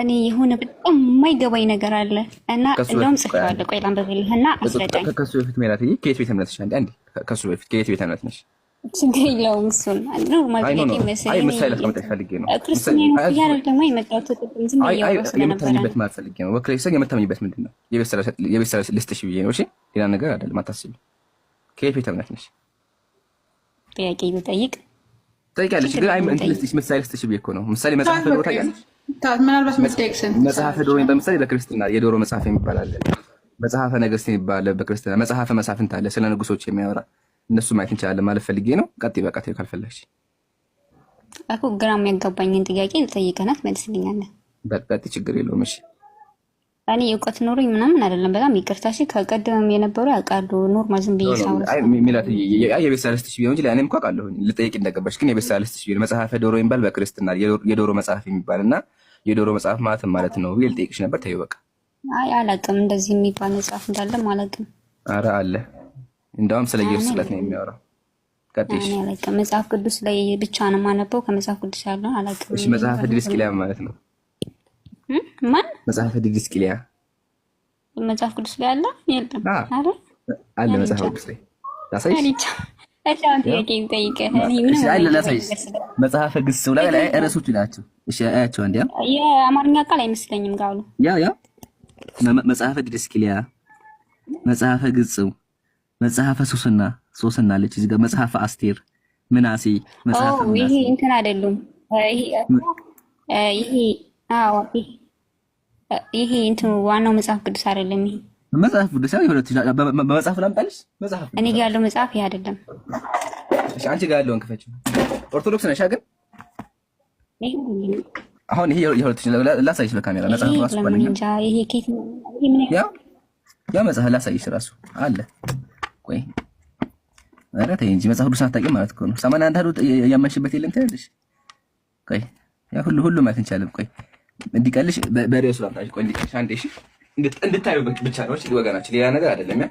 እኔ የሆነ በጣም የማይገባኝ ነገር አለ እና እንደውም ጽፌዋለሁ። ቆይ ላንብብልህ እና አስረዳኝ። ከሱ በፊት ሜላት ከየት ቤት እምነት አንዴ አንዴ ከሱ በፊት ከየት ቤት እምነት ነሽ? ችግር የለውም እሱን ኖርማል ጥያቄ ፈልጌ ነው። ክርስቲያን ሰ ደግሞ የመጣሁት ቅድም የምታምኝበት ምንድን ነው? የቤት ስራ ልስጥሽ ብዬ ነው። ሌላ ነገር አይደለም፣ አታስቢ። ከየት ቤት እምነት ነሽ? ጥያቄ ጠይቅ ጠይቂያለሽ። ግን ምሳሌ ልስጥሽ ብዬ እኮ ነው። ምሳሌ መጽሐፍ ፈልጎ ታውቂያለሽ ምናልባት መጽሐፈ ዶሮ በምሳሌ በክርስትና የዶሮ መጽሐፍ የሚባል አለ። መጽሐፈ ነገስት የሚባለ በክርስትና መጽሐፈ መሳፍንት አለ፣ ስለ ንጉሶች የሚያወራ እነሱ ማየት እንችላለን ማለት ፈልጌ ነው። ቀጥ በቃ ተይው ካልፈለግሽ እኮ ግራ የሚያጋባኝን ጥያቄ ልጠይቀናት መልስልኛለን። በቃ ችግር የለውም። እሺ እኔ እውቀት ኖሮኝ ምናምን አይደለም። በጣም ይቅርታ። እሺ ከቀደምም የነበሩ ያውቃሉ። ኖርማል ዝም ብዬ ሳውራት የቤት ሳልስትሽ ቢሆን እንጂ እኔም እኮ አውቃለሁ ልጠይቅ እንደገባሽ። ግን የቤት ሳልስትሽ ቢሆን መጽሐፈ ዶሮ የሚባል በክርስትና የዶሮ መጽሐፍ የሚባል እና የዶሮ መጽሐፍ ማለት ማለት ነው ብዬ ልጠይቅሽ ነበር። ተይው በቃ። አይ አላውቅም፣ እንደዚህ የሚባል መጽሐፍ እንዳለም አላውቅም። አረ አለ። እንደውም ስለ ኢየሱስ ስለት ነው የሚያወራው። ቀጥይሽ። መጽሐፍ ቅዱስ ላይ ብቻ ነው የማነበው። ከመጽሐፍ ቅዱስ ያለውን አላውቅም። መጽሐፈ ድሪስኪልያ ማለት ነው ማን መጽሐፈ ዲድስቅልያ መጽሐፍ ቅዱስ ላይ አለ የለም አለ መጽሐፍ ቅዱስ ላይ ላሳይሽ መጽሐፈ ግስ ላይ ርዕሶቹ ናቸው። ያቸው እንዲ የአማርኛ ቃል አይመስለኝም። ቃሉ ያ ያ መጽሐፈ ዲድስቅልያ፣ መጽሐፈ ግጽው፣ መጽሐፈ ሶስና ሶስና አለች እዚህ ጋር መጽሐፈ አስቴር፣ ምናሴ፣ መጽሐፈ ይሄ እንትን አይደሉም ይሄ ይሄ እንትኑ ዋናው መጽሐፍ ቅዱስ አይደለም። ይሄ መጽሐፍ ቅዱስ ያው ይሁን በመጽሐፍ ላምጣልሽ። መጽሐፍ እኔ ጋር ያለው መጽሐፍ ይሄ አይደለም። እሺ፣ አንቺ ጋር ያለውን ክፈችው። ኦርቶዶክስ ነሽ አይደል? አሁን ይሄ ይሁን ትችላል። ላሳይሽ በካሜራ መጽሐፍ ራሱ ይሄ ያ መጽሐፍ ላሳይሽ ራሱ አለ። ቆይ ኧረ ተይ እንጂ መጽሐፍ ቅዱስ አታውቂም ማለት እኮ ነው። ሰማንያ አንድ ያመንሽበት የለም ትያለሽ። ቆይ ያ ሁሉ ሁሉ ማለት እንችላለን። ቆይ እንዲቀልሽ በሬው ስላምታሽ ቆይ እንዲቀልሽ አንዴ እንድታዩ ብቻ ነው ወገናችን፣ ሌላ ነገር አይደለም። ያ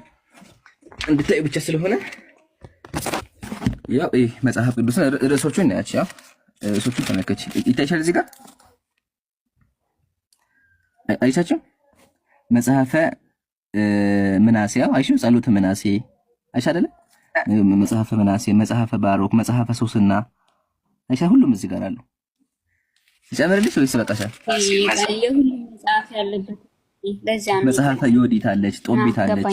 እንድታዩ ብቻ ስለሆነ ያው ይህ መጽሐፍ ቅዱስን ርዕሶቹን እናያች። ያው ርዕሶቹን ተመልከች፣ ይታይሻል። እዚህ ጋር አይቻቸው መጽሐፈ ምናሴ ያው አይሽም፣ ጸሎተ ምናሴ አይሻ አይደለ? መጽሐፈ ምናሴ፣ መጽሐፈ ባሮክ፣ መጽሐፈ ሶስና አይሻ፣ ሁሉም እዚህ ጋር አሉ። ይጨምርልሽ ወይስ ይበቃሻል? መጽሐፍ ያለበት መጽሐፈ ዮዲት አለች፣ ጦቢት አለች።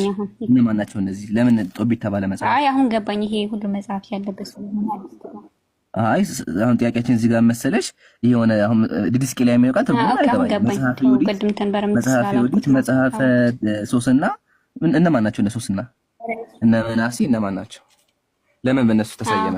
እነማን ናቸው እነዚህ? ለምን ጦቢት ተባለ መጽሐፍ? አይ አሁን ገባኝ። ይሄ ሁሉ መጽሐፍ ያለበት አይ አሁን ጥያቄያችን እዚህ ጋር መሰለሽ የሆነ አሁን ዲስቂ ላይ የሚያውቃል መጽሐፈ ዮዲት፣ መጽሐፈ ሶስና እነማን ናቸው? እነ ሶስና እነ መናሲ እነማን ናቸው? ለምን በእነሱ ተሰየመ?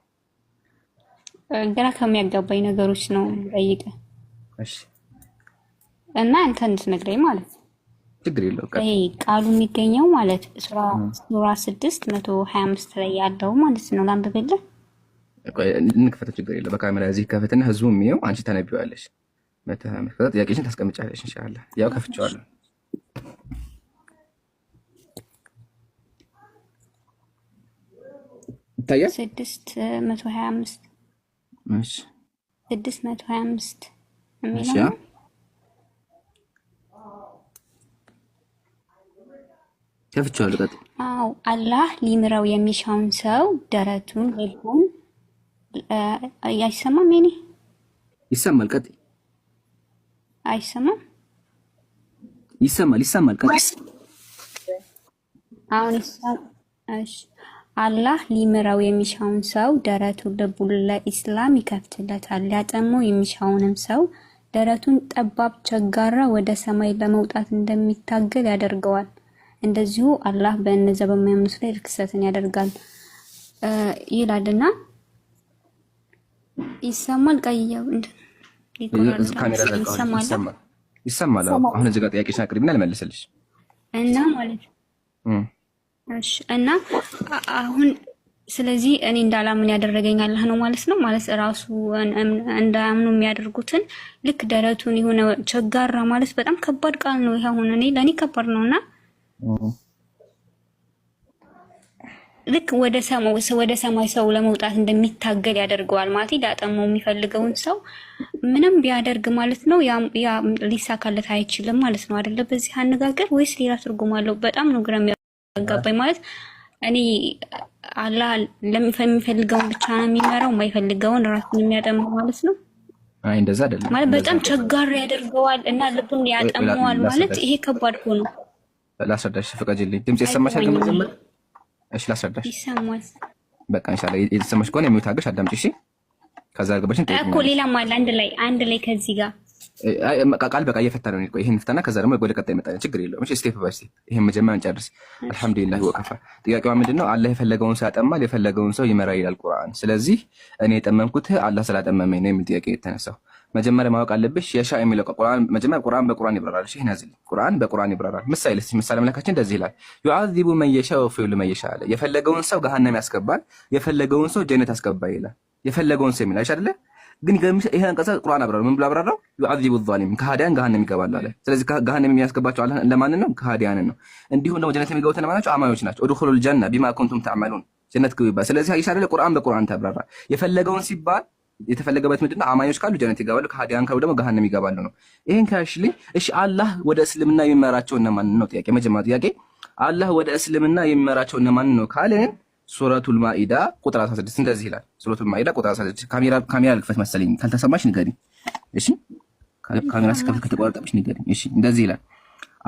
ግራ ከሚያጋባኝ ነገሮች ነው ጠይቀ እና አንተ እንድትነግረኝ ማለት ነው። ችግር የለው ቃሉ የሚገኘው ማለት ሱራ ስድስት መቶ ሀያ አምስት ላይ ያለው ማለት ነው። ላንብብልህ እንክፈተው። ችግር የለው በካሜራ እዚህ ከፍትና ህዝቡ የሚየው አንቺ ተነቢዋለች። ጥያቄሽን ታስቀምጫለች። እንሻላ ያው ከፍቼዋለሁ። ይታያል ስድስት መቶ ሀያ አምስት ስድስት መቶ ሀያ አምስት የሚለው ከፍቼዋለሁ። ቀጥ አዎ አላህ ሊምረው የሚሻውን ሰው ደረቱን፣ ልቡን አይሰማም። የኔ ይሰማል። ቀጥ አይሰማም። ይሰማል፣ ይሰማል። ቀጥ አሁን ይሰማል። እሺ አላህ ሊምረው የሚሻውን ሰው ደረቱን ልቡን ለኢስላም ይከፍትለታል። ሊያጠመው የሚሻውንም ሰው ደረቱን ጠባብ ቸጋራ ወደ ሰማይ ለመውጣት እንደሚታገል ያደርገዋል። እንደዚሁ አላህ በእነዚያ በሚያምኑት ላይ ርክሰትን ያደርጋል ይላልና ይሰማል። ቀይየው ይሰማል። አሁን እዚህ ጋር ጥያቄሽን አቅርቢና ልመልስልሽ እና ማለት ነው እና አሁን ስለዚህ እኔ እንዳላምን ያደረገኝ አላህ ነው ማለት ነው። ማለት ራሱ እንዳያምኑ የሚያደርጉትን ልክ ደረቱን የሆነ ቸጋራ ማለት በጣም ከባድ ቃል ነው። ይሄ አሁን እኔ ለእኔ ከባድ ነው እና ልክ ወደ ሰማይ ሰው ለመውጣት እንደሚታገል ያደርገዋል ማለት ሊያጠመው የሚፈልገውን ሰው ምንም ቢያደርግ ማለት ነው ያ ሊሳካለት አይችልም ማለት ነው አይደለ? በዚህ አነጋገር ወይስ ሌላ ትርጉም አለው? በጣም ነው ግራ ገባኝ ማለት እኔ አላህ የሚፈልገውን ብቻ ነው የሚመራው፣ የማይፈልገውን ራሱን የሚያጠመው ማለት ነው። አይ እንደዛ አይደለም ማለት በጣም ቸጋሪ ያደርገዋል እና ልቡን ያጠመዋል ማለት ይሄ ከባድ ሆኖ ነው። ላስረዳሽ ፍቀጅልኝ። ድምጽ ይሰማሻል? ግን እሺ፣ ላስረዳሽ ይሰማል። በቃ ኢንሻአላህ የተሰማሽ ከሆነ የሚታገሽ አዳምጪ። እሺ፣ ከዛ ገበሽን እኮ ሌላም አለ አንድ ላይ አንድ ላይ ከዚህ ጋር ቃል በቃ እየፈታ ነው። ይህን ፍተና ከዛ ደግሞ ወደ ቀጣይ መጣ። ችግር የለውም። ስቴፕ ባይ ስቴፕ ይህን መጀመሪያ እንጨርስ። አልሐምዱሊላ ወቀፋ። ጥያቄዋ ምንድን ነው? አላህ የፈለገውን ሰው ያጠማል፣ የፈለገውን ሰው ይመራ ይላል ቁርአን። ስለዚህ እኔ የጠመምኩት አላህ ስላጠመመኝ ነው የሚል ጥያቄ የተነሳው። መጀመሪያ ማወቅ አለብሽ የሻ የሚለው መጀመሪያ ቁርአን በቁርአን ይብራራል። ይህ ናዝል ቁርአን በቁርአን ይብራራል። ምሳሌ ስ ምሳሌ አምላካችን እንደዚህ ይላል ዩአዚቡ መየሻ ወፊሉ መየሻ አለ። የፈለገውን ሰው ገሃነም ያስገባል፣ የፈለገውን ሰው ጀነት ያስገባ ይላል። የፈለገውን ሰው የሚል አይሻ አደለ ግን ይሄ አንቀጽ ቁርአን አብራራው። ምን ብሎ አብራራው? ዩዓዚቡ ዛሊም ከሃዲያን ገሃነም ይገባሉ አለ። ስለዚህ ገሃነም የሚያስገባቸው አላህ ለማን ነው? ከሃዲያንን ነው። እንዲሁም ደግሞ ጀነት የሚገቡት ለማን ናቸው? አማኞች ናቸው። ኡድኹሉል ጀነ ቢማ ኩንቱም ተዕመሉን ጀነት ግቡ ይባል። ስለዚህ አይሻ አይደለ ቁርአን በቁርአን ተብራራ። የፈለገውን ሲባል የተፈለገበት ምንድነው? አማኞች ካሉ ጀነት ይገባሉ፣ ከሃዲያን ካሉ ደግሞ ገሃነም ይገባሉ ነው። ይሄን ካሽልኝ። እሺ አላህ ወደ እስልምና የሚመራቸው እነማንን ነው? ጥያቄ መጀመሪያ ጥያቄ አላህ ወደ እስልምና የሚመራቸው እነማንን ነው ካለን ሱረቱል ማኢዳ ቁጥር 16 እንደዚህ ይላል። ሱረቱል ማኢዳ ቁጥር 16 ካሜራ ካሜራ ልክፈት መሰለኝ፣ ካልተሰማሽ ንገሪኝ። እሺ ካሜራ ሲከፈት ከተቋረጠብሽ ንገሪኝ። እሺ እንደዚህ ይላል።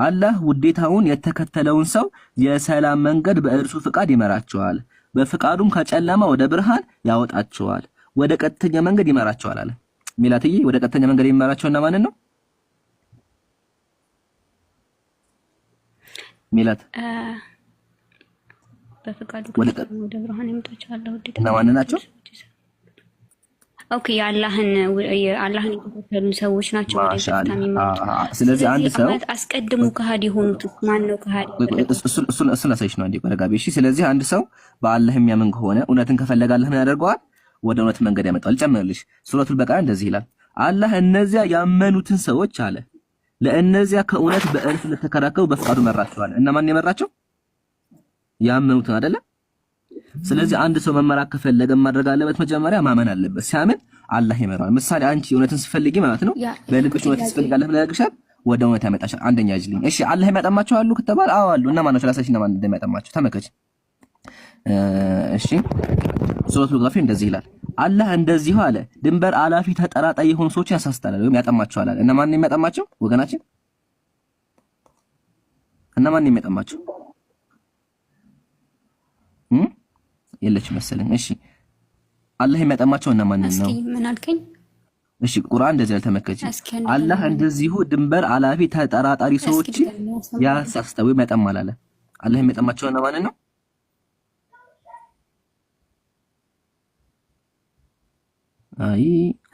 አላህ ውዴታውን የተከተለውን ሰው የሰላም መንገድ በእርሱ ፍቃድ ይመራቸዋል፣ በፍቃዱም ከጨለማ ወደ ብርሃን ያወጣቸዋል፣ ወደ ቀጥተኛ መንገድ ይመራቸዋል አለ። ሚላትዬ ወደ ቀጥተኛ መንገድ የሚመራቸውና ማንን ነው? ሚላት በፍቃዱ ወደ ብርሃን ያመጣችኋለሁ። ውዴታ እና ማን ናቸው? ኦኬ የአላህን የአላህን የተከተሉ ሰዎች ናቸው። ስለዚህ አንድ ሰው አስቀድሞ ከሃዲ የሆኑት ማን ነው? ከሃዲ እሱን እሱን አሳይሽ ነው እንዴ ቆረጋቢ። እሺ፣ ስለዚህ አንድ ሰው በአላህ የሚያምን ከሆነ እውነትን ከፈለገ ምን ያደርገዋል? ወደ እውነት መንገድ ያመጣዋል። ጨምርልሽ፣ ሱረቱል በቀራ እንደዚህ ይላል። አላህ እነዚያ ያመኑትን ሰዎች አለ ለእነዚያ ከእውነት በእርፍ ለተከራከሩ በፍቃዱ መራቸዋል። እና ማን የመራቸው? ያመኑትን አይደለ? ስለዚህ አንድ ሰው መመራት ከፈለገ ማድረግ አለበት፣ መጀመሪያ ማመን አለበት። ሲያምን አላህ ይመራዋል። ምሳሌ አንቺ እውነትን ስፈልጊ ማለት ነው፣ በልብሽ እውነትን ስፈልጋለህ ብለህ ያግሻል፣ ወደ እውነት ያመጣሻል። አንደኛ ይዝልኝ። እሺ አላህ የሚያጠማቸው አሉ ከተባለ አዎ አሉ። እና ማነው ነው እና ማን እንደሚያጠማቸው ተመከች። እሺ ሱረቱል ጋፊር እንደዚህ ይላል። አላህ እንደዚህ አለ፣ ድንበር አላፊ ተጠራጣይ የሆኑ ሰዎችን ያሳስታል ወይም ያጠማቸዋል አለ። እና ማን ነው የሚያጠማቸው ወገናችን? እና ማን ነው የሚያጠማቸው የለች መሰለኝ። እሺ አላህ የሚያጠማቸው እነማንን ነው? ምን አልከኝ? እሺ ቁርአን እንደዚህ አልተመከች። አላህ እንደዚሁ ድንበር አላፊ ተጠራጣሪ ሰዎች ያሳስተው ያጠማል አለ። አላህ የሚያጠማቸው እነማንን ነው? አይ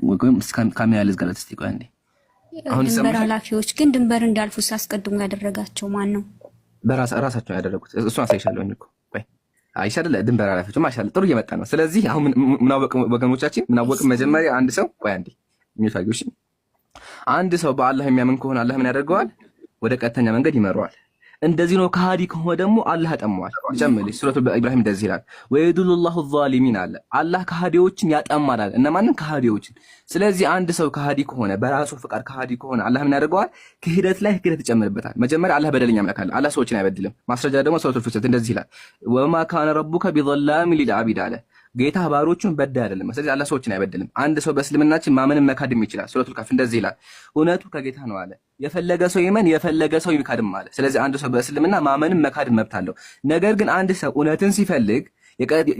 ወይም ካሜራ ልዝጋለት እስቲ ቆይ አንዴ። ድንበር አላፊዎች ግን ድንበር እንዳልፉ አስቀድሞ ያደረጋቸው ማን ነው? በራሳቸው ያደረጉት እሷን አሳይሻለሁ እኮ አይሻለ ድንበር አላፊዎችም አይሻል ጥሩ እየመጣ ነው። ስለዚህ አሁን ምናወቅ ወገኖቻችን ምናወቅ መጀመሪያ አንድ ሰው ቆይ አንዴ አንድ ሰው በአላህ የሚያምን ከሆነ አላህ ምን ያደርገዋል? ወደ ቀጥተኛ መንገድ ይመረዋል። እንደዚህ ነው። ከሃዲ ከሆነ ደግሞ አላህ ያጠማዋል። ጀምሪ ሱረቱ ኢብራሂም እንደዚህ ይላል፣ ወይዱልላሁ ዛሊሚን አለ አላህ ከሃዲዎችን ያጠማል አለ። እነማንን? ከሃዲዎችን። ስለዚህ አንድ ሰው ከሃዲ ከሆነ በራሱ ፍቃድ ከሃዲ ከሆነ አላህ ምን ያደርገዋል? ክህደት ላይ ክህደት ይጨምርበታል። መጀመሪያ አላህ በደለኛ አምላክ አለ። አላህ ሰዎችን አይበድልም። ማስረጃ ደግሞ ሱረቱ ፍሰት እንደዚህ ይላል፣ ወማ ካነ ረቡከ ቢዘላሚ ሊልዓቢድ አለ ጌታ ባሮቹን በዳ አይደለም። ስለዚህ አላህ ሰዎችን አይበድልም። አንድ ሰው በእስልምናችን ማመንም መካድም ይችላል። ሱረቱል ካፍ እንደዚህ ይላል፣ እውነቱ ከጌታ ነው አለ። የፈለገ ሰው ይመን፣ የፈለገ ሰው ይካድም አለ። ስለዚህ አንድ ሰው በእስልምና ማመንም መካድም መብት አለው። ነገር ግን አንድ ሰው እውነትን ሲፈልግ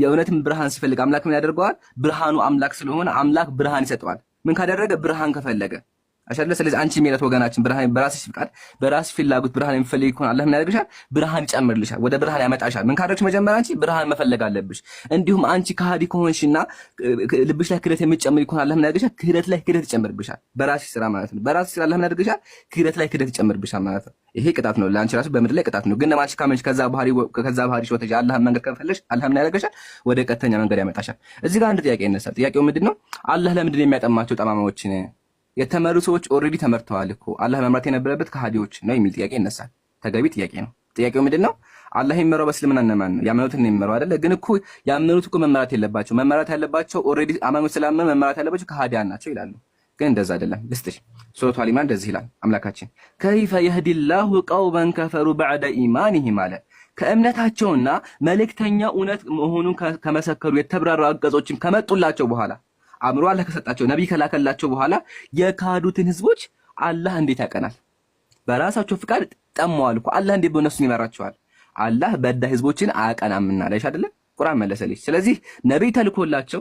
የእውነትን ብርሃን ሲፈልግ አምላክ ምን ያደርገዋል? ብርሃኑ አምላክ ስለሆነ አምላክ ብርሃን ይሰጠዋል። ምን ካደረገ ብርሃን ከፈለገ አሻለ ስለዚህ አንቺ የሚላት ወገናችን ብርሃን በራስሽ ፍቃድ በራስሽ ፍላጎት ብርሃን የሚፈልግ ከሆነ አላህ ምን ያደርግሻል? ብርሃን ይጨምርልሻል፣ ወደ ብርሃን ያመጣሻል። ምን ካደረግሽ መጀመር አንቺ ብርሃን መፈለግ አለብሽ። እንዲሁም አንቺ ከሃዲ ከሆንሽና ልብሽ ላይ ክህደት የምትጨምር ከሆነ አላህ ምን ያደርግሻል? ክህደት ላይ ክህደት ይጨምርብሻል፣ በራስሽ ስራ ማለት ነው። በራስሽ ስራ አላህ ምን ያደርግሻል? ክህደት ላይ ክህደት ይጨምርብሻል ማለት ነው። ይሄ ቅጣት ነው ለአንቺ ራሱ በምድር ላይ ቅጣት ነው። ግን ለማንቺ ካመንሽ ከዛ ባህሪ ከዛ ባህሪ ሾተ አላህ መንገድ ከፈለሽ አላህ ምን ያደርግሻል? ወደ ቀጥተኛ መንገድ ያመጣሻል። እዚህ ጋር አንድ ጥያቄ ይነሳል። ጥያቄው ምንድነው? አላህ ለምንድን ነው የሚያጠማቸው ጠማማዎችን የተመሩ ሰዎች ኦልሬዲ ተመርተዋል እኮ አላህ መምራት የነበረበት ከሃዲዎች ነው የሚል ጥያቄ ይነሳል። ተገቢ ጥያቄ ነው። ጥያቄው ምንድን ነው? አላህ የሚመራው በእስልምና እነማን ነው? ያመኑትን ነው የሚመራው አይደለ? ግን እኮ ያመኑት እኮ መመራት የለባቸው። መመራት ያለባቸው ኦልሬዲ አማኞች ስላመኑ መመራት ያለባቸው ከሃዲያን ናቸው ይላሉ። ግን እንደዛ አይደለም። ልስጥሽ ሱረቱ አሊማን እንደዚህ ይላል አምላካችን ከይፈ የህዲ ላሁ ቀውመን ከፈሩ በዕደ ኢማንህም አለ ከእምነታቸውና መልእክተኛ እውነት መሆኑን ከመሰከሩ የተብራራ አንቀጾችም ከመጡላቸው በኋላ አእምሮ አላህ ከሰጣቸው ነቢይ ከላከላቸው በኋላ የካዱትን ህዝቦች አላህ እንዴት ያቀናል? በራሳቸው ፍቃድ ጠመዋል እኮ አላህ እንዴት በእነሱን ይመራቸዋል? አላህ በዳ ህዝቦችን አያቀናምና ላይሽ አይደለም ቁርአን መለሰልሽ። ስለዚህ ነቢይ ተልኮላቸው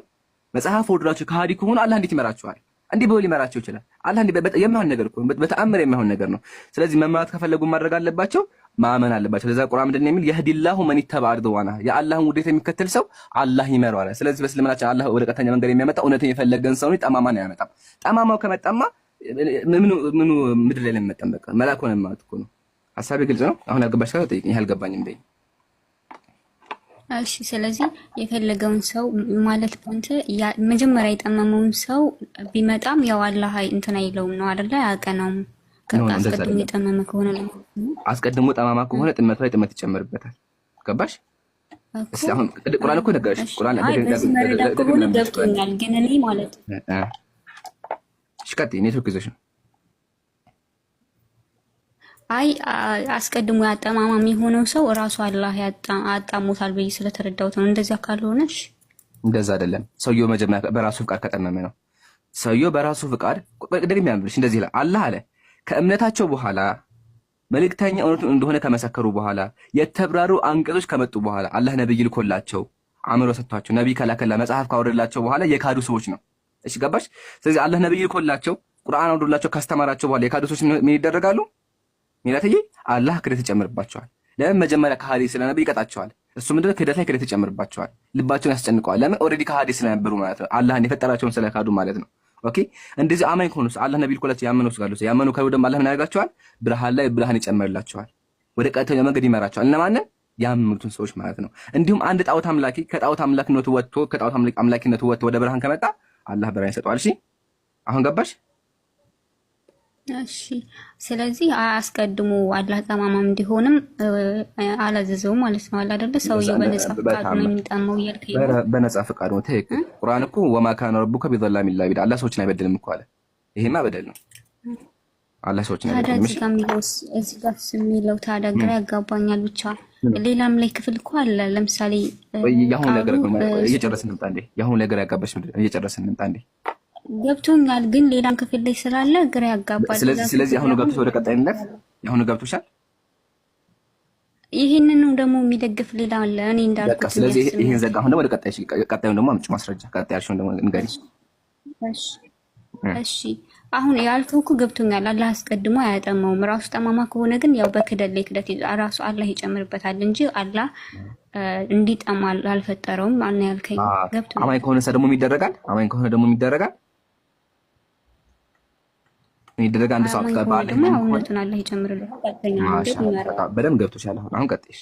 መጽሐፍ ወርድራቸው ከሃዲ ከሆኑ አላህ እንዴት ይመራቸዋል? እንዲህ ብሎ ሊመራቸው ይችላል። አላህ እንዲህ በጣም የማይሆን ነገር እኮ በተአምር የማይሆን ነገር ነው። ስለዚህ መመራት ከፈለጉ ማድረግ አለባቸው። ማመን አለባቸው። ለዛ ቁርአን ምንድን ነው የሚል የህዲላሁ መን ይተባዕ ርድዋና የአላህን ውዴታ የሚከተል ሰው አላህ ይመረዋል። ስለዚህ በእስልምናችን አላህ ወደ ቀጥተኛ መንገድ የሚያመጣ እውነትን የፈለገን ሰው ነው። ጠማማ ነው ያመጣም። ጠማማው ከመጣማ ምኑ ምድር ላይ ለመጠመቅ መላክ ሆነ ማለት እኮ ነው። ሀሳቤ ግልጽ ነው። አሁን ያልገባሽ ካለ ጠይቅኝ። አልገባኝም እንደኝ እሺ ስለዚህ የፈለገውን ሰው ማለት ፖንት መጀመሪያ የጠመመውን ሰው ቢመጣም ያው አላህ እንትን አይለውም ነው አይደለ? አያቀነውም አስቀድሞ ጠማማ ከሆነ ጥመቱ ላይ ጥመት ይጨምርበታል። ገባሽ? አሁን ቁርአን እኮ ነገረሽ። ቁርአን ገብቶኛል፣ ግን እኔ ማለት ቀጥይ። ኔትወርክ ይዞሽ ነው። አይ አስቀድሞ ያጠማማም የሆነው ሰው እራሱ አላህ አጣሞታል ብዬ ስለተረዳሁት ነው። እንደዚያ ካልሆነሽ እንደዛ አይደለም። ሰውየው መጀመሪያ በራሱ ፍቃድ ከጠመመ ነው። ሰውየው በራሱ ፍቃድ ቅድም ያምብልሽ እንደዚህ ይላል አላህ አለ ከእምነታቸው በኋላ መልእክተኛ እውነቱን እንደሆነ ከመሰከሩ በኋላ የተብራሩ አንቀጾች ከመጡ በኋላ አላህ ነቢይ ልኮላቸው አእምሮ ሰጥቷቸው ነቢይ ከላከላ መጽሐፍ ካወረድላቸው በኋላ የካዱ ሰዎች ነው። እሺ ገባሽ? ስለዚህ አላህ ነቢይ ልኮላቸው ቁርአን አውርዶላቸው ካስተማራቸው በኋላ የካዱ ሰዎች ምን ይደረጋሉ? ሚላትዬ አላህ ክደት ይጨምርባቸዋል። ለምን? መጀመሪያ ከሃዲ ስለነብይ ይቀጣቸዋል። እሱ ምንድነው? ክደት ላይ ክደት ይጨምርባቸዋል። ልባቸውን ያስጨንቀዋል። ለምን? ኦልሬዲ ከሃዲ ስለነበሩ ማለት ነው። አላህን የፈጠራቸውን ስለካዱ ማለት ነው። ኦኬ እንደዚህ አማኝ ከሆኑስ አላህ ነብይ ልኮላቸው ያመኑ ስጋሉ ያመኑ ካሉ ደግሞ አላህ ምን ያደርጋቸዋል? ብርሃን ላይ ብርሃን ይጨመርላቸዋል፣ ወደ ቀጥተኛ መንገድ ይመራቸዋል። እነማንን ያመኑትን ሰዎች ማለት ነው። እንዲሁም አንድ ጣዖት አምላኪ ከጣዖት አምላኪነቱ ወጥቶ ከጣዖት አምላኪነቱ ወጥቶ ወደ ብርሃን ከመጣ አላህ ብርሃን ይሰጠዋል። እሺ አሁን ገባሽ? እሺ ስለዚህ አስቀድሞ አላህ ጠማማ እንዲሆንም አላዘዘው ማለት ነው። አላ አይደለ ሰውየው በነጻ ፍቃድ ነው የሚጠመው እያልከኝ ነው። በነጻ ፈቃድ ነው። ትክክል። ቁርአን እኮ ወማ ካነ ረቡከ ቢዘላሚል ሊልዓቢድ አላህ ሰዎችን አይበድልም እኮ አለ። ይሄማ በደል ነው። አላህ ሰዎችን አይበድልም። እዚህ ጋር የሚለው ታዲያ ግራ ያጋባኛል። ብቻ ሌላም ላይ ክፍል እኮ አለ። ለምሳሌ ያሁን ነገር እየጨረስን እንምጣ እንዴ። ያሁን ነገር ያጋባሽ እየጨረስን እንምጣ እንዴ ገብቶኛል፣ ግን ሌላም ክፍል ላይ ስላለ ግራ ያጋባል። ስለዚህ አሁኑ ገብቶ ወደ ቀጣይነት አሁኑ ገብቶሻል። ይህንንም ደግሞ የሚደግፍ ሌላ አለ። እኔ እንዳልኩ ስለዚህ ይህን ዘጋ። አሁን ደግሞ ወደ ቀጣይ ደግሞ አምጪ ማስረጃ። ቀጣይ ያልሽውን ደግሞ ንገሪኝ። እሺ አሁን ያልከው እኮ ገብቶኛል። አላህ አስቀድሞ አያጠማውም። ራሱ ጠማማ ከሆነ ግን ያው በክደት ላይ ክደት ራሱ አላህ ይጨምርበታል እንጂ አላህ እንዲጠማ አልፈጠረውም። አና ያልከኝ ገብቶ አማኝ ከሆነ ደግሞ ይደረጋል። አማኝ ከሆነ ደግሞ ይደረጋል ይደረግ አንድ ሰዓት ባለ እውነቱን አለ ይጨምርልህ። በደንብ ገብቶሻል። አሁን ቀጥሽ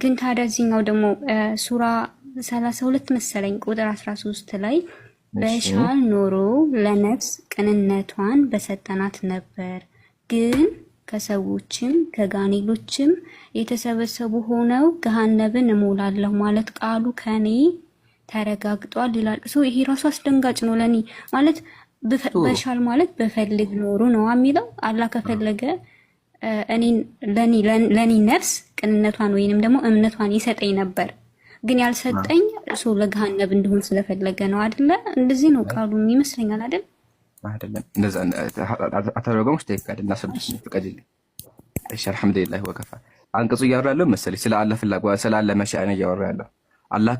ግን ታዲያ እዚህኛው ደግሞ ሱራ ሰላሳ ሁለት መሰለኝ ቁጥር አስራ ሶስት ላይ በሻል ኖሮ ለነፍስ ቅንነቷን በሰጠናት ነበር ግን ከሰዎችም ከጋኔሎችም የተሰበሰቡ ሆነው ገሃነብን እሞላለሁ ማለት ቃሉ ከኔ ተረጋግጧል ይላል። ይሄ ራሱ አስደንጋጭ ነው ለኔ ማለት በሻል ማለት በፈልግ ኖሩ ነው የሚለው። አላህ ከፈለገ እኔን ለኔ ነፍስ ቅንነቷን ወይንም ደግሞ እምነቷን ይሰጠኝ ነበር፣ ግን ያልሰጠኝ እሱ ለገሃነብ እንደሆን ስለፈለገ ነው አደለ እንደዚህ ነው ቃሉ ይመስለኛል አደል አይደለም እንደዛ አተረጎሞች ተይካል እና ስድስት ፍቀድልኝ። እሺ አልሐምዱሊላህ ወከፋ አንቅጹ እያወራ ያለው መሰለኝ ስለ አላህ ፍላጎት ስለ አላህ መሻአን እያወራ ያለው አላህ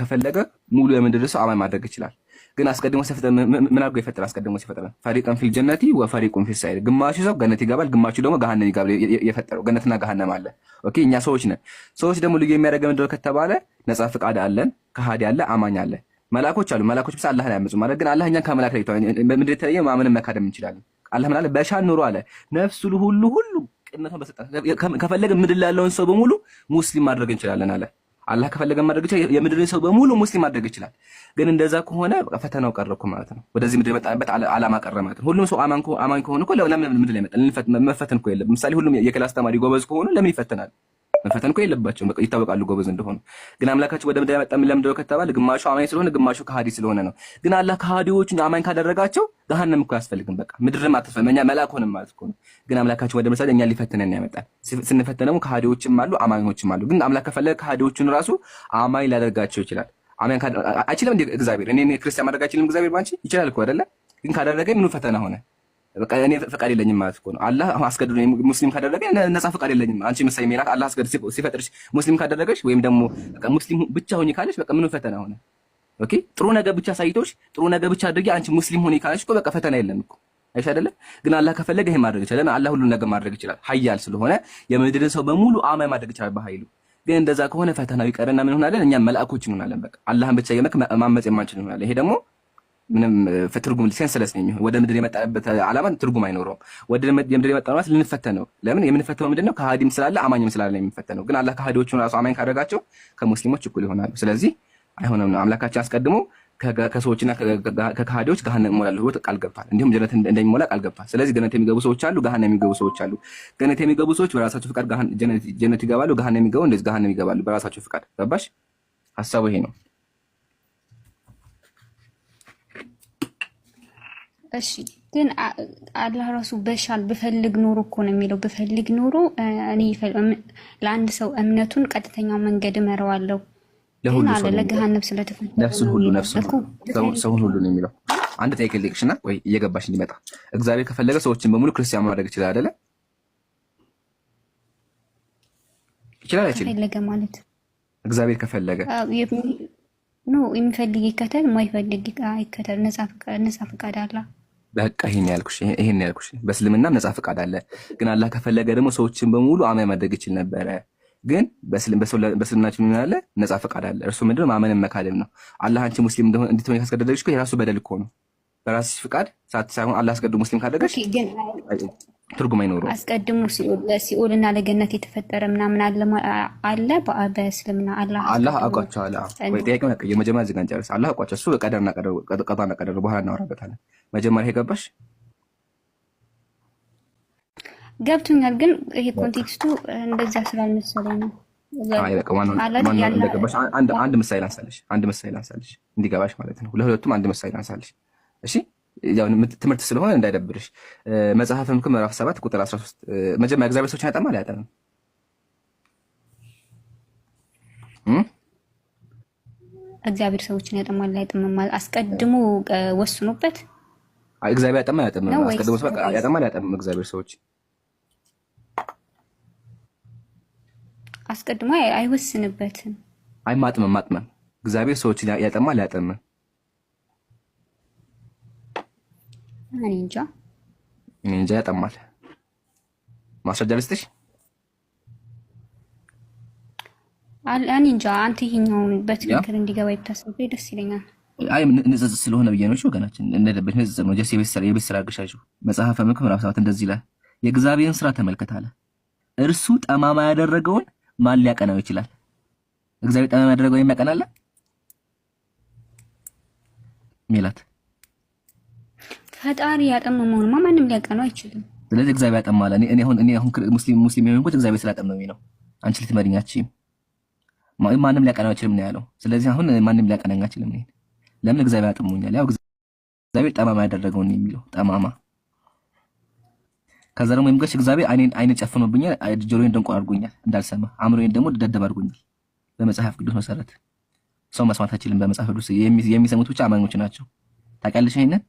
ከፈለገ ሙሉ የምድር ሰው አማኝ ማድረግ ይችላል። ግን አስቀድሞ ሲፈጥረን ምን አድርጎ የፈጠረን? አስቀድሞ ሲፈጥረን ፈሪቀን ፊል ጀነቲ ወፈሪቁን ፊል ሳይል ግማሹ ሰው ገነት ይገባል፣ ግማሹ ደግሞ ገሃነም ይገባል። የፈጠረው ገነትና ገሃነም አለ። ኦኬ እኛ ሰዎች ነን። ሰዎች ደግሞ ልዩ የሚያደርገ ምንድን ነው ከተባለ ነፃ ፍቃድ አለን፣ ከሃዲ አለ፣ አማኝ አለ፣ መላኮች አሉ። መላኮች ብቻ አላህን አያመፁም ማለት ግን አላህ እኛን ከመላክ ለይቷል። ምድር የተለየ ማመንም መካደም እንችላለን። አላህ ምን በሻን ኑሮ አለ ነፍሱ ሁሉ ሁሉ ቅነቷን በሰጠን ከፈለገ ምድር ላይ ያለውን ሰው በሙሉ ሙስሊም ማድረግ እንችላለን አለ አላህ ከፈለገ ማድረግ ይችላል። የምድር ሰው በሙሉ ሙስሊም ማድረግ ይችላል። ግን እንደዛ ከሆነ ፈተናው ቀረ ማለት ነው። ወደዚህ ምድር የመጣበት አላማ ቀረ ማለት ነው። ሁሉም ሰው አማኝ ከሆነ እኮ ለምን ምድር ላይ መጣ? መፈተን እኮ የለም። ምሳሌ ሁሉም የክላስ ተማሪ ጎበዝ ከሆኑ ለምን ይፈተናል? መፈተን እኮ የለባቸውም። ይታወቃሉ ጎበዝ እንደሆኑ። ግን አምላካቸው ወደ ምድር ያመጣን ለምንድነው ከተባለ ግማሹ አማኝ ስለሆነ ግማሹ ከሃዲ ስለሆነ ነው። ግን አላህ ከሃዲዎቹን አማኝ ካደረጋቸው ገሃነም እኮ አያስፈልግም። በቃ ምድርም አትፈልግም። እኛ መልአክ ሆነን ማለት እኮ ነው። ግን አምላካቸው ወደ ምድር እኛ ሊፈትነን ያመጣል። ስንፈተን ደግሞ ከሃዲዎችም አሉ አማኞችም አሉ። ግን አምላክ ከፈለገ ከሃዲዎቹን ራሱ አማኝ ሊያደርጋቸው ይችላል። አማኝ አይችልም እንደ እግዚአብሔር እኔ ክርስቲያን ማድረግ አይችልም እግዚአብሔር ባንቺ ይችላል እኮ አይደለ? ግን ካደረገ ምኑ ፈተና ሆነ? በቃ እኔ ፈቃድ የለኝም ማለት እኮ ነው። አላህ አስገድዶ ሙስሊም ካደረገ ነፃ ፈቃድ የለኝም። አንቺ መሳይ ሜላት አላህ አስገድዶ ሲፈጥርሽ ሙስሊም ካደረገሽ ወይም ደግሞ በቃ ሙስሊም ብቻ ሆኜ ካለሽ በቃ ምንም ፈተና ሆነ። ኦኬ ጥሩ ነገር ብቻ ሳይቶሽ ጥሩ ነገር ብቻ አድርጊ። አንቺ ሙስሊም ሆኜ ካለሽ እኮ በቃ ፈተና የለም እኮ አይሽ አይደለም። ግን አላህ ከፈለገ ይሄ ማድረግ ይችላል። አላህ ሁሉን ነገር ማድረግ ይችላል። ሀያል ስለሆነ የምድርን ሰው በሙሉ አማይ ማድረግ ይችላል በኃይሉ። ግን እንደዛ ከሆነ ፈተናው ይቀርና ምን እንሆናለን? እኛ መልአኮች እንሆናለን። በቃ አላህን ብቻ የመክ ማመጽ የማንችል እንሆናለን። ይሄ ደግሞ ምንም ትርጉም ሴንስለስ ነው የሚሆን። ወደ ምድር የመጣበት ዓላማ ትርጉም አይኖረውም። ወደ ምድር የመጣ ማለት ልንፈተን ነው። ለምን የምንፈተነው ምንድን ነው? ከሃዲም ስላለ አማኝም ስላለ ነው። ግን አላህ ከሃዲዎቹን ራሱ አማኝ ካደረጋቸው ከሙስሊሞች እኩል ይሆናሉ። ስለዚህ አይሆንም ነው አምላካችን አስቀድሞ ከሰዎችና ከሃዲዎች ገሃነም እሞላለሁ ብሎ ቃል ገብቷል። እንዲሁም ጀነት እንደሚሞላ ቃል ገብቷል። ስለዚህ ገነት የሚገቡ ሰዎች አሉ፣ ገሃነም የሚገቡ ሰዎች አሉ። ገነት የሚገቡ ሰዎች በራሳቸው ፍቃድ ጀነት ይገባሉ። ገሃነም የሚገቡ እንደዚህ ገሃነም ይገባሉ በራሳቸው ፍቃድ። ገባሽ? ሀሳቡ ይሄ ነው። እሺ ግን አላህ ራሱ በሻል ብፈልግ ኖሮ እኮ ነው የሚለው። ብፈልግ ኖሮ ለአንድ ሰው እምነቱን ቀጥተኛው መንገድ እመረዋለሁ ለሁሉ ሰው ለገሃነም ስለተፈጠረ ነፍሱን ሁሉ ነፍሱን ሰውን ሁሉ ነው የሚለው። አንድ ጥያቄ ልጠይቅሽና ወይ እየገባሽ እንዲመጣ እግዚአብሔር ከፈለገ ሰዎችን በሙሉ ክርስቲያን ማድረግ ይችላል አይደለ? ይችላል አይችልም? ከፈለገ ማለት እግዚአብሔር ከፈለገ ኖ የሚፈልግ ይከተል፣ ማይፈልግ ይከተል ነፃ ፍቃድ አላ በቃ ይሄን ያልኩሽ ይሄን ያልኩሽ። በእስልምናም ነጻ ፈቃድ አለ፣ ግን አላህ ከፈለገ ደግሞ ሰዎችን በሙሉ አማኝ ማድረግ ይችል ነበረ። ግን በእስልምናችን ምን አለ? ነጻ ፈቃድ አለ። እርሱ ምንድነው? ማመንን መካደም ነው። አላህ አንቺ ሙስሊም እንድትሆን ካስገደደሽ የራሱ በደል እኮ ነው። በራስሽ ፍቃድ ሳይሆን አላህ አስቀድሞ ሙስሊም ካደረገሽ ትርጉም አይኖረውም። አስቀድሞ ሲኦል እና ለገነት የተፈጠረ ምናምን አለ። በእስልምና አላህ አውቋቸዋለሁ። ጥያቄውን የመጀመሪያ ዜጋ እንጨርስ። አላህ አውቋቸው እሱ ቀደርና ቀዳና ቀደር በኋላ እናወራበታለን። መጀመሪያ የገባሽ ገብቶኛል፣ ግን ይሄ ኮንቴክስቱ እንደዛ ስላልመሰለ ነው። አንድ ምሳሌ ላንሳለሽ፣ አንድ ምሳሌ ላንሳለሽ እንዲገባሽ ማለት ነው። ለሁለቱም አንድ ምሳሌ ላንሳለሽ እሺ ትምህርት ስለሆነ እንዳይደብርሽ። መጽሐፈ ምክር ምዕራፍ ሰባት ቁጥር 13 መጀመሪያ እግዚአብሔር ሰዎችን ያጠማል አያጠምም? እግዚአብሔር ሰዎችን ያጠማል አያጠምም? አስቀድሞ ወስኖበት እግዚአብሔር ያጠማል አያጠምም? አስቀድሞ ያጠማል አያጠምም? እግዚአብሔር ሰዎች አስቀድሞ አይወስንበትም። አይ ማጥመም ማጥመም እግዚአብሔር ሰዎችን ያጠማል አያጠምም? እኔ እንጃ እኔ እንጃ። ያጠማል። ማስረጃ ልስጥሽ። እኔ እንጃ። አንተ ይሄኛውን በትክክል እንዲገባ ይታሰብ ደስ ይለኛል። አይ ንዝዝ ስለሆነ ብዬ ነው። ወገናችን እንደደበች ንዝዝ ነው። ጀስ የቤት ስራ የቤት ስራ አግሻሹ መጽሐፈ ምክብር ምዕራፍ ሰባት እንደዚህ ይላል። የእግዚአብሔርን ስራ ተመልከት አለ። እርሱ ጠማማ ያደረገውን ማን ሊያቀናው ይችላል? እግዚአብሔር ጠማማ ያደረገውን የሚያቀናለ ሚላት ፈጣሪ ያጠመ መሆኑማ ማንም ሊያቀነው አይችልም። ስለዚህ እግዚአብሔር ያጠማል። እኔ እኔ አሁን እኔ አሁን ሙስሊም ሙስሊም የሆንኩት እግዚአብሔር ስላጠመመኝ ነው። አንቺ ልትመሪኝ አትችይም። ማንም ሊያቀናው አይችልም ነው ያለው። ስለዚህ አሁን ማንም ሊያቀናኝ አይችልም። እኔ ለምን እግዚአብሔር አጠመኛል? ያው እግዚአብሔር ጠማማ ያደረገው ነው የሚለው ጠማማ። ከዛ ደግሞ የምገሽ እግዚአብሔር አይኔን አይኔ ጨፍኖብኛል፣ ጆሮዬን ደንቆር አድርጎኛል እንዳልሰማ፣ አእምሮዬን ደግሞ ደደብ አድርጎኛል። በመጽሐፍ ቅዱስ መሰረት ሰው መስማት አይችልም። በመጽሐፍ ቅዱስ የሚሰሙት ብቻ አማኞች ናቸው። ታውቂያለሽ ይሄንን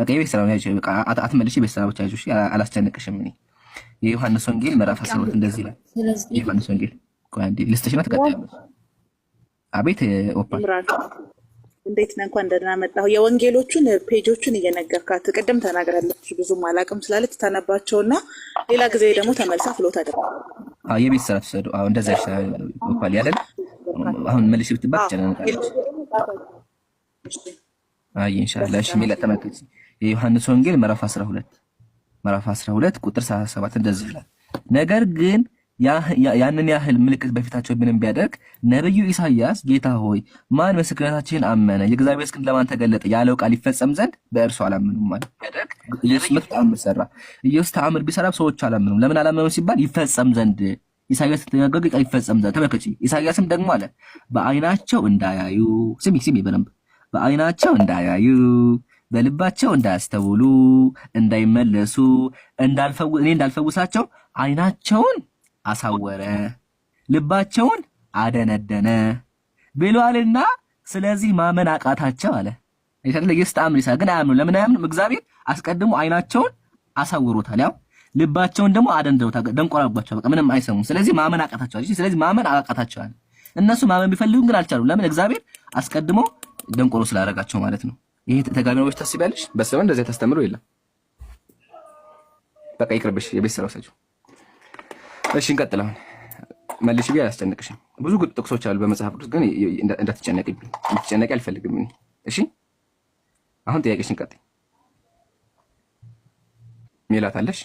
በቃ የቤት ስራ አትመልሽ፣ የቤት ስራ ብቻ ያዥ፣ አላስጨንቅሽም። የዮሐንስ ወንጌል ምዕራፍ አስራት እንደዚህ ላይ ዮሐንስ ወንጌል ልስትሽና ተቀጣይ አቤት ኦፓል እንዴት ነህ? እንኳን ደህና መጣሁ። የወንጌሎቹን ፔጆቹን እየነገርካት ቅድም ተናግራለች። ብዙም አላውቅም ስላለች ታነባቸውና ሌላ ጊዜ ደግሞ ተመልሳ ፍሎት ታደርጋለች። የቤት ስራ ትሰዱ እንደዛ ይሻላል ያለን አሁን መልሽ ብትባት ጨነቃለች። አይ ኢንሻላህ ሚለጠመቅች የዮሐንስ ወንጌል ምዕራፍ 12 ምዕራፍ 12 ቁጥር 37 እንደዚህ ይላል፣ ነገር ግን ያንን ያህል ምልክት በፊታቸው ምንም ቢያደርግ ነቢዩ ኢሳይያስ ጌታ ሆይ ማን ምስክርነታችንን አመነ? የእግዚአብሔር እስክንድ ለማን ተገለጠ? ያለው ቃል ይፈጸም ዘንድ በእርሱ አላመኑም ማለት ያደርግ። ኢየሱስ መጥቶ ተአምር ሰራ። ኢየሱስ ተአምር ቢሰራ ሰዎች አላመኑም። ለምን አላመኑም ሲባል ይፈጸም ዘንድ ኢሳይያስ ተናገገ ቃል ይፈጸም ዘንድ። ተመልከቺ፣ ኢሳይያስም ደግሞ አለ በአይናቸው እንዳያዩ ስሚ፣ ስሚ በደንብ በአይናቸው እንዳያዩ በልባቸው እንዳያስተውሉ እንዳይመለሱ እኔ እንዳልፈውሳቸው አይናቸውን አሳወረ፣ ልባቸውን አደነደነ ብሏልና ስለዚህ ማመን አቃታቸው አለ። ይሰለ ይስተአምር ይሳ ግን አያምኑ። ለምን አያምኑ? እግዚአብሔር አስቀድሞ አይናቸውን አሳውሮታል። ያው ልባቸውን ደግሞ አደንደውታ ደንቆራባቸው በቃ ምንም አይሰሙ ስለዚህ ማመን አቃታቸው አቃታቸዋል። ስለዚህ ማመን አቃታቸው አለ እነሱ ማመን ቢፈልጉም ግን አልቻሉም። ለምን? እግዚአብሔር አስቀድሞ ደንቆሮ ስላደረጋቸው ማለት ነው። ይሄ ተጋሚ ነው ብለሽ ታስቢያለሽ? በስመ እንደዚህ እንደዚያ ታስተምሮ የለም። በቃ ይቅርብሽ፣ የቤት ስራ ውሰጂው። እሺ እንቀጥላለን። መልሽ ቢ አያስጨንቅሽም። ብዙ ጥቅሶች አሉ በመጽሐፍ ቅዱስ ግን እንዳትጨነቅብኝ፣ እንድትጨነቂ አልፈልግም። እሺ አሁን ጥያቄሽን ቀጥይ። ሜላት አለሽ?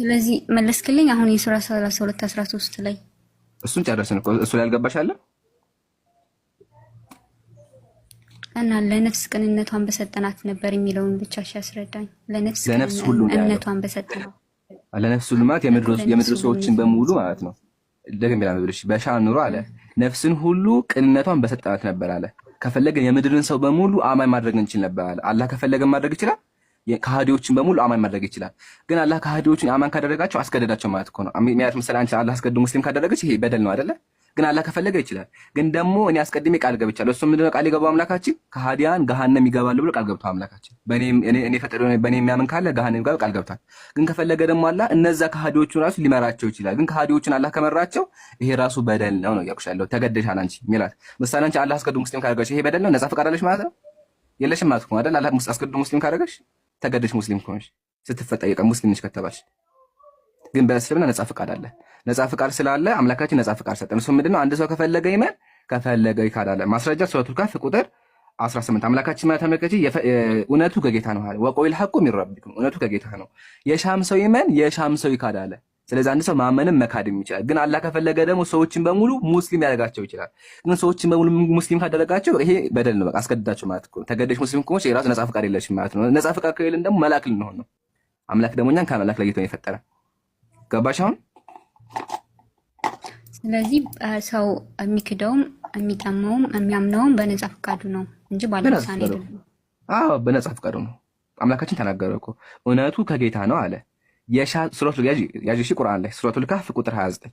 ስለዚህ መለስክልኝ። አሁን የሱራ 32 13 ላይ እሱን ጨረስን እኮ እሱ ላይ አልገባሽ አለ እና ለነፍስ ቅንነቷን በሰጠናት ነበር የሚለውን ብቻ ሲያስረዳኝ፣ ለነፍስ ቅንነቷን በሰጠናት ለነፍስ ሁሉ ማለት የምድር ሰዎችን በሙሉ ማለት ነው። ደግም ላ በሻ ኑሮ አለ ነፍስን ሁሉ ቅንነቷን በሰጠናት ነበር አለ። ከፈለገን የምድርን ሰው በሙሉ አማኝ ማድረግ እንችል ነበር አለ። አላህ ከፈለገን ማድረግ ይችላል። ከሃዲዎችን በሙሉ አማኝ ማድረግ ይችላል። ግን አላህ ከሃዲዎችን አማኝ ካደረጋቸው አስገደዳቸው ማለት ነው። ምሳሌ አንቺ አላህ አስገድዶ ሙስሊም ካደረገች ይሄ በደል ነው አይደለ? ግን አላህ ከፈለገ ይችላል። ግን ደግሞ እኔ አስቀድሜ ቃል ገብቻለሁ። እሱ ምንድነው ቃል የገባው አምላካችን? ከሃዲያን ገሃነም ይገባሉ ብሎ ቃል ገብቷል አምላካችን። እኔ ፈጠሪ በእኔ የሚያምን ካለ ገሃነም ይገባል ቃል ገብቷል። ግን ከፈለገ ደግሞ አላህ እነዛ ከሃዲዎቹ ራሱ ሊመራቸው ይችላል። ግን ከሃዲዎቹን አላህ ከመራቸው ይሄ ራሱ በደል ነው ነው እያልኩሻለሁ። ተገደሻል አንቺ ሚላት ምሳሌ አንቺ አላህ አስቀድሞ ሙስሊም ካደረገሽ ይሄ በደል ነው። ነጻ ፈቃድ አለሽ ማለት ነው የለሽም ማለት ነው አይደል? አላህ አስገድዶ ሙስሊም ካደረገሽ ተገደሽ ሙስሊም ከሆንሽ ስትፈጠሪ ሙስሊም ነሽ ከተባልሽ ግን በእስልምና ነጻ ፍቃድ አለ። ነጻ ፍቃድ ስላለ አምላካችን ነጻ ፍቃድ ሰጠን። እሱ ምንድነው? አንድ ሰው ከፈለገ ይመን ከፈለገ ይካዳለ። ማስረጃ ሱረቱል ካፍ ቁጥር 18 አምላካችን ማለት ተመልከች፣ እውነቱ ከጌታ ነው አለ። ወቆይል ሐቁ ሚን ረቢኩም፣ እውነቱ ከጌታ ነው። የሻም ሰው ይመን የሻም ሰው ይካዳለ። ስለዚህ አንድ ሰው ማመንም መካድም ይችላል። ግን አላህ ከፈለገ ደግሞ ሰዎችን በሙሉ ሙስሊም ያደርጋቸው ይችላል። ግን ሰዎችን በሙሉ ሙስሊም ካደረጋቸው ይሄ በደል ነው። በቃ አስገድዳቸው ማለት ነው። ተገደሽ ሙስሊም ከሆነች የራሱ ነጻ ፍቃድ የለሽም ማለት ነው። ነጻ ፍቃድ ከሌለን ደግሞ መላክ ልንሆን ነው። አምላክ ደግሞ እኛን ከመላክ ለይቶ ነው የፈጠረ ገባሽ አሁን? ስለዚህ ሰው የሚክደውም የሚጠመውም የሚያምነውም በነፃ ፈቃዱ ነው እንጂ ባለውሳኔ አይደለም። አዎ በነፃ ፈቃዱ ነው። አምላካችን ተናገረ እኮ እውነቱ ከጌታ ነው አለ። ሺ ቁርአን ላይ ሱረቱ ልካፍ ቁጥር 29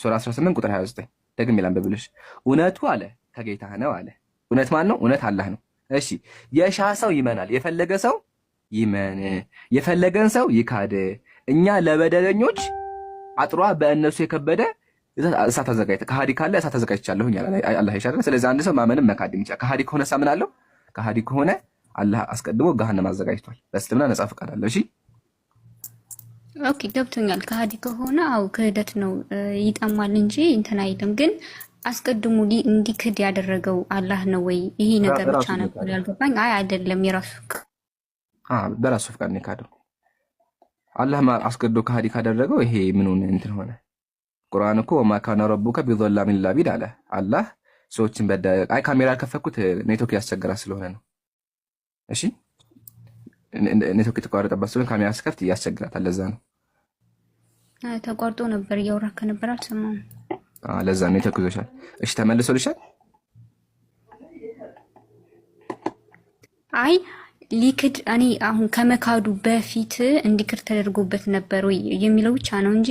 ሱራ 18 ቁጥር 29 ደግም ይላል በብልሽ እውነቱ አለ ከጌታ ነው አለ። እውነት ማን ነው? እውነት አላህ ነው። እሺ የሻ ሰው ይመናል፣ የፈለገ ሰው ይመን፣ የፈለገን ሰው ይካድ፣ እኛ ለበደለኞች አጥሯ በእነሱ የከበደ እሳት አዘጋጅ ከሃዲ ካለ እሳት አዘጋጅቻለሁ አላ ይሻለ። ስለዚህ አንድ ሰው ማመንም መካድም ይቻል። ከሃዲ ከሆነ ሳምን አለው። ከሃዲ ከሆነ አላህ አስቀድሞ ገሃነም አዘጋጅቷል። በእስልምና ነጻ ፈቃድ አለው። እሺ ኦኬ፣ ገብቶኛል። ከሃዲ ከሆነ አው ክህደት ነው ይጠማል እንጂ እንትን አይልም። ግን አስቀድሞ እንዲክድ ያደረገው አላህ ነው ወይ? ይሄ ነገር ብቻ ነበር ያልገባኝ። አይ አይደለም፣ የራሱ በራሱ ፍቃድ ነው የካደው አላህ አስገዶ ከሃዲ ካደረገው ይሄ ምኑን እንትን ሆነ? ቁርአን እኮ ወማካነ ረቡከ ቢዘላሚን ላቢድ አለ። አላህ ሰዎችን በዳ አይ ካሜራ ያልከፈኩት ኔትወርክ ያስቸግራል ስለሆነ ነው። እሺ ኔትወርክ የተቋረጠባት ስለሆነ ካሜራ ስከፍት ያስቸግራታል። ለዛ ነው ተቋርጦ ነበር። እያወራህ ከነበር አልሰማሁም። ለዛ ነው ኔትወርክ ይዞሻል። እሺ ተመልሶልሻል። አይ ሊክድ እኔ አሁን ከመካዱ በፊት እንዲክር ተደርጎበት ነበር ወይ የሚለው ብቻ ነው እንጂ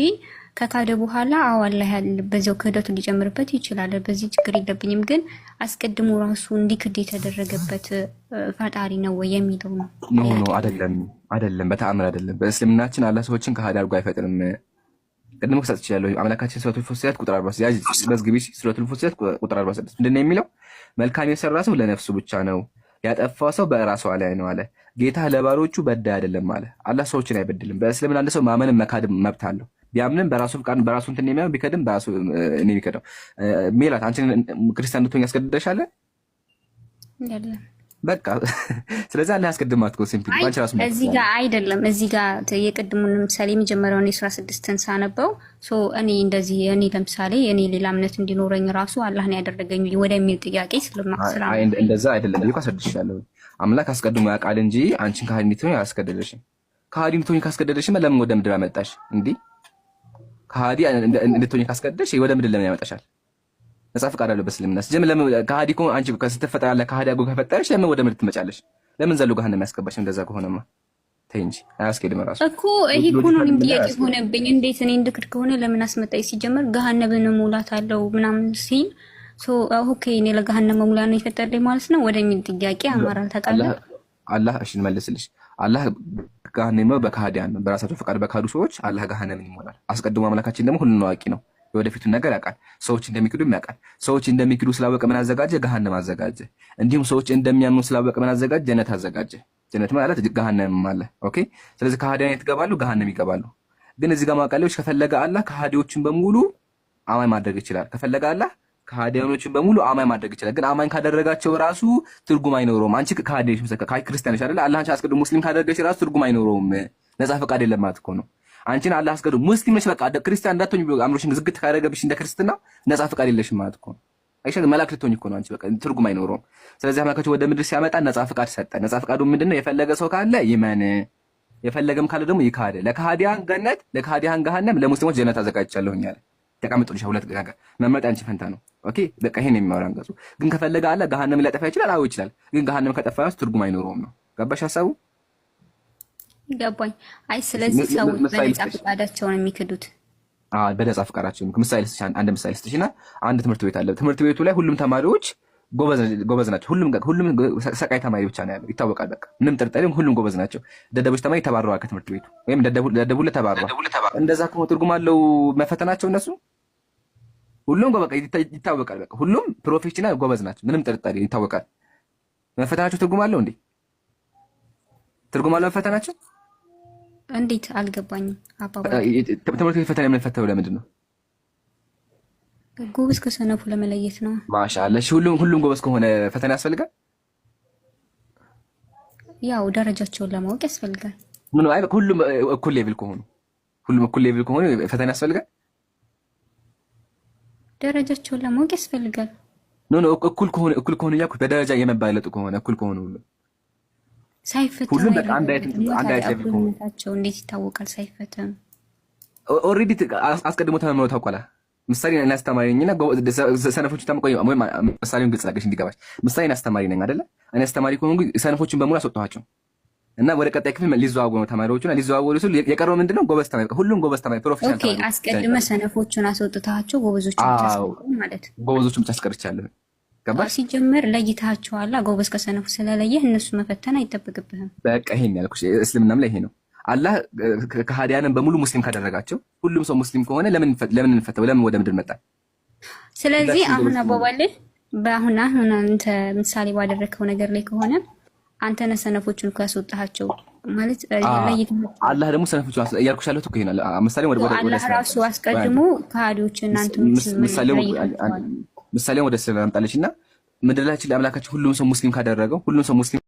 ከካደ በኋላ አዋላ ያል በዚያው ክህደቱ ሊጨምርበት ይችላል። በዚህ ችግር የለብኝም። ግን አስቀድሞ ራሱ እንዲክድ የተደረገበት ፈጣሪ ነው ወይ የሚለው ነው። ኖ ኖ፣ አይደለም፣ አይደለም፣ በተአምር አይደለም። በእስልምናችን አላ ሰዎችን ከሃዲ አድርጎ አይፈጥርም። ቅድም ክሰጥ ይችላለሁ። አምላካችን ሱረቱል ፉሲላት ቁጥር 46 መዝግቢ፣ ሱረቱል ፉሲላት ቁጥር 46 ምንድን ነው የሚለው? መልካም የሰራ ሰው ለነፍሱ ብቻ ነው ያጠፋ ሰው በራሷ ላይ ነው አለ ጌታ። ለባሮቹ በዳ አይደለም አለ። አላህ ሰዎችን አይበድልም። በእስልምና አንድ ሰው ማመን መካድ መብት አለው። ቢያምንም በራሱ ፍቃድ በራሱ እንትን የሚያም ቢከድም በራሱ እኔ ቢከደው ሜላት አንቺን ክርስቲያን ልትሆኝ ያስገድደሻል? በቃ ስለዚህ አለ ያስቀድማት ሲምፕል እዚህ ጋር አይደለም። እዚህ ጋር የቅድሙን ለምሳሌ የመጀመሪያውን የስራ ስድስትን ሳነበው ሶ እኔ እንደዚህ እኔ ለምሳሌ እኔ ሌላ እምነት እንዲኖረኝ ራሱ አላህን ያደረገኝ ወደሚል ጥያቄ ስለማስራ እንደዛ አይደለም እኮ አስረድሻለሁ። አምላክ አስቀድሞ ያውቃል እንጂ አንቺን ከሃዲ እንድትሆኝ አያስገደደሽም። ከሃዲ እንድትሆኝ ካስገደደሽ ለምን ወደ ምድር አመጣሽ? እንዲህ ከሃዲ እንድትሆኝ ካስገደደሽ ወደ ምድር ለምን ያመጣሻል? ነጻ ፈቃድ አለው በእስልምና ስጀምር ለምን ከሃዲ እኮ አንቺ ከስትፈጠ ያለ ከሃዲ አጎ ከፈጠረሽ ለምን ወደ ምድር ትመጫለሽ ለምን ዘሎ ገሃነም የሚያስገባሽ እንደዛ ከሆነማ ተይ እንጂ አያስኬድም ራሱ እኮ ይሄ እኮ ነው ጥያቄ ሆነብኝ እንዴት እኔ እንድክድ ከሆነ ለምን አስመጣኝ ሲጀመር ገሃነብን ሙላት አለው ምናምን ሲል ኦኬ እኔ ለገሃነም መሙላ ነው የፈጠረኝ ማለት ነው ወደሚል ጥያቄ አማራ ታውቃለህ አላህ እሺ እንመልስልሽ አላህ ገሃነም በካህዲያን በራሳቸው ፈቃድ በካዱ ሰዎች አላህ ገሃነምን ይሞላል አስቀድሞ አምላካችን ደግሞ ሁሉን አዋቂ ነው የወደፊቱን ነገር ያውቃል። ሰዎች እንደሚክዱ ያውቃል። ሰዎች እንደሚክዱ ስላወቀ ምን አዘጋጀ? ገሃነም አዘጋጀ። እንዲሁም ሰዎች እንደሚያምኑ ስላወቀ ምን አዘጋጀ? ጀነት አዘጋጀ። ጀነት ማለት ገሃነም አለ። ኦኬ። ስለዚህ ከሃዲያን የትገባሉ? ገሃነም ይገባሉ። ግን እዚህ ጋር ማቃለዮች ከፈለገ አላህ ከሃዲዎችን በሙሉ አማኝ ማድረግ ይችላል። ከፈለገ አላህ ከሃዲያኖችን በሙሉ አማኝ ማድረግ ይችላል። ግን አማኝ ካደረጋቸው ራሱ ትርጉም አይኖረውም። አንቺ ከሃዲያኖች ክርስቲያኖች አለ አላህ አስቀድሞ ሙስሊም ካደረገች ራሱ ትርጉም አይኖረውም። ነጻ ፈቃድ የለም ማለት እኮ ነው። አንቺን አላህ አስገዱ ሙስሊም ነሽ በቃ ክርስቲያን እንዳትሆኝ ብሎ አእምሮሽን ዝግት ካደረገብሽ እንደ ክርስትና ነጻ ፍቃድ የለሽም ማለት እኮ አይሻ መልአክ ልትሆኝ እኮ ነው አንቺ በቃ ትርጉም አይኖረውም። ስለዚህ አምላካችን ወደ ምድር ሲያመጣ ነጻ ፍቃድ ሰጠ። ነጻ ፍቃዱ ምንድነው? የፈለገ ሰው ካለ ይመን፣ የፈለገም ካለ ደግሞ ይካደ። ለካሃዲያን ገነት፣ ለካሃዲያን ገሃነም፣ ለሙስሊሞች ጀነት አዘጋጅቻለሁኝ አለ። ተቀምጦልሻ ሁለት ነገር መምረጥ አንቺ ፈንታ ነው። ኦኬ በቃ ይሄን የሚያወራ አንቀጹ ግን ከፈለገ አለ ገሃነም ሊያጠፋ ይችላል፣ አዎ ይችላል። ግን ገሃነም ከጠፋ ትርጉም አይኖረውም ነው። ገባሽ ሀሳቡ? ገባኝ። አይ ስለዚህ ሰዎች በነጻ ፈቃዳቸውን የሚክዱት በነጻ ፈቃዳቸው ምሳሌ ስ አንድ ምሳሌ ስትሽ እና አንድ ትምህርት ቤት አለ። ትምህርት ቤቱ ላይ ሁሉም ተማሪዎች ጎበዝ ናቸው። ሁሉም ሰቃይ ተማሪ ብቻ ነው ያለው ይታወቃል። በቃ ምንም ጥርጣሬ፣ ሁሉም ጎበዝ ናቸው። ደደቦች ተማሪ ተባረዋል ከትምህርት ቤቱ ወይም ደደቡ ተባረዋል። እንደዛ ከሆነ ትርጉም አለው መፈተናቸው እነሱ ሁሉም ይታወቃል። በቃ ሁሉም ፕሮፌሽናል ጎበዝ ናቸው። ምንም ጥርጣሬ ይታወቃል። መፈተናቸው ትርጉም አለው እንዴ? ትርጉም አለው መፈተናቸው እንዴት አልገባኝም። ትምህርት ቤት ፈተና የምንፈተው ለምንድን ነው? ጎበዝ ከሰነፉ ለመለየት ነው። ማሻአላ ሁሉም ጎበዝ ከሆነ ፈተና ያስፈልጋል። ያው ደረጃቸውን ለማወቅ ያስፈልጋል። ምን ሁሉም እኩል ሌቭል ከሆኑ ሁሉም እኩል ሌቭል ከሆኑ ፈተና ያስፈልጋል። ደረጃቸውን ለማወቅ ያስፈልጋል። ኖ ኖ እኩል ከሆኑ እኩል ከሆኑ በደረጃ የመባለጡ ከሆነ እኩል ከሆኑ ሁሉም ሳይፈታ ሁሉም በቃ አንድ አይነት አንድ አይነት ለሚቆ እንዴት ይታወቃል? ሳይፈተም ኦልሬዲ አስቀድሞ ተመምሮ ታውቋላ። ምሳሌ እና አስተማሪ ነኝና ሰነፎቹ ታምቆይ ወይ ምሳሌውን ግልጽ አድርገሽ እንዲገባሽ ምሳሌ እና አስተማሪ ነኝ አይደለ? እኔ አስተማሪ ከሆንኩ ሰነፎቹን በሙሉ አስወጣኋቸው እና ወደ ቀጣይ ክፍል ሊዘዋወሩ ነው ተማሪዎቹና ሊዘዋወሩ ሲሉ የቀረው ምንድነው? ጎበዝ ተማሪ ሁሉም ጎበዝ ተማሪ ፕሮፌሽናል። ኦኬ አስቀድመ ሰነፎቹን አስወጥታቸው ጎበዞቹን ብቻ ማለት ጎበዞቹን ብቻ አስቀርቻለሁ። ገባሽ? ሲጀምር ለይታቸዋላ ጎበዝ ከሰነፉ ስለለየህ እነሱ መፈተን አይጠበቅብህም። በቃ ይሄን ያልኩሽ እስልምናም ላይ ይሄ ነው። አላህ ከሃዲያንን በሙሉ ሙስሊም ካደረጋቸው ሁሉም ሰው ሙስሊም ከሆነ ለምን እንፈተው? ለምን ወደ ምድር መጣል? ስለዚህ አሁን አባባልህ በአሁን አሁን አንተ ምሳሌ ባደረግከው ነገር ላይ ከሆነ አንተ ነህ ሰነፎቹን እኮ ማለት አላህ ደግሞ ሰነፎቹን እያልኩሽ ያለሁት እኮ ነው። ምሳሌ ወደ ወደ ራሱ አስቀድሞ ከሃዲዎችን አንተ ምሳሌ ምሳሌ ወደ ስለ አምጣለች እና ምድር ላይ አምላካችን ሁሉም ሰው ሙስሊም ካደረገው ሁሉም ሰው ሙስሊም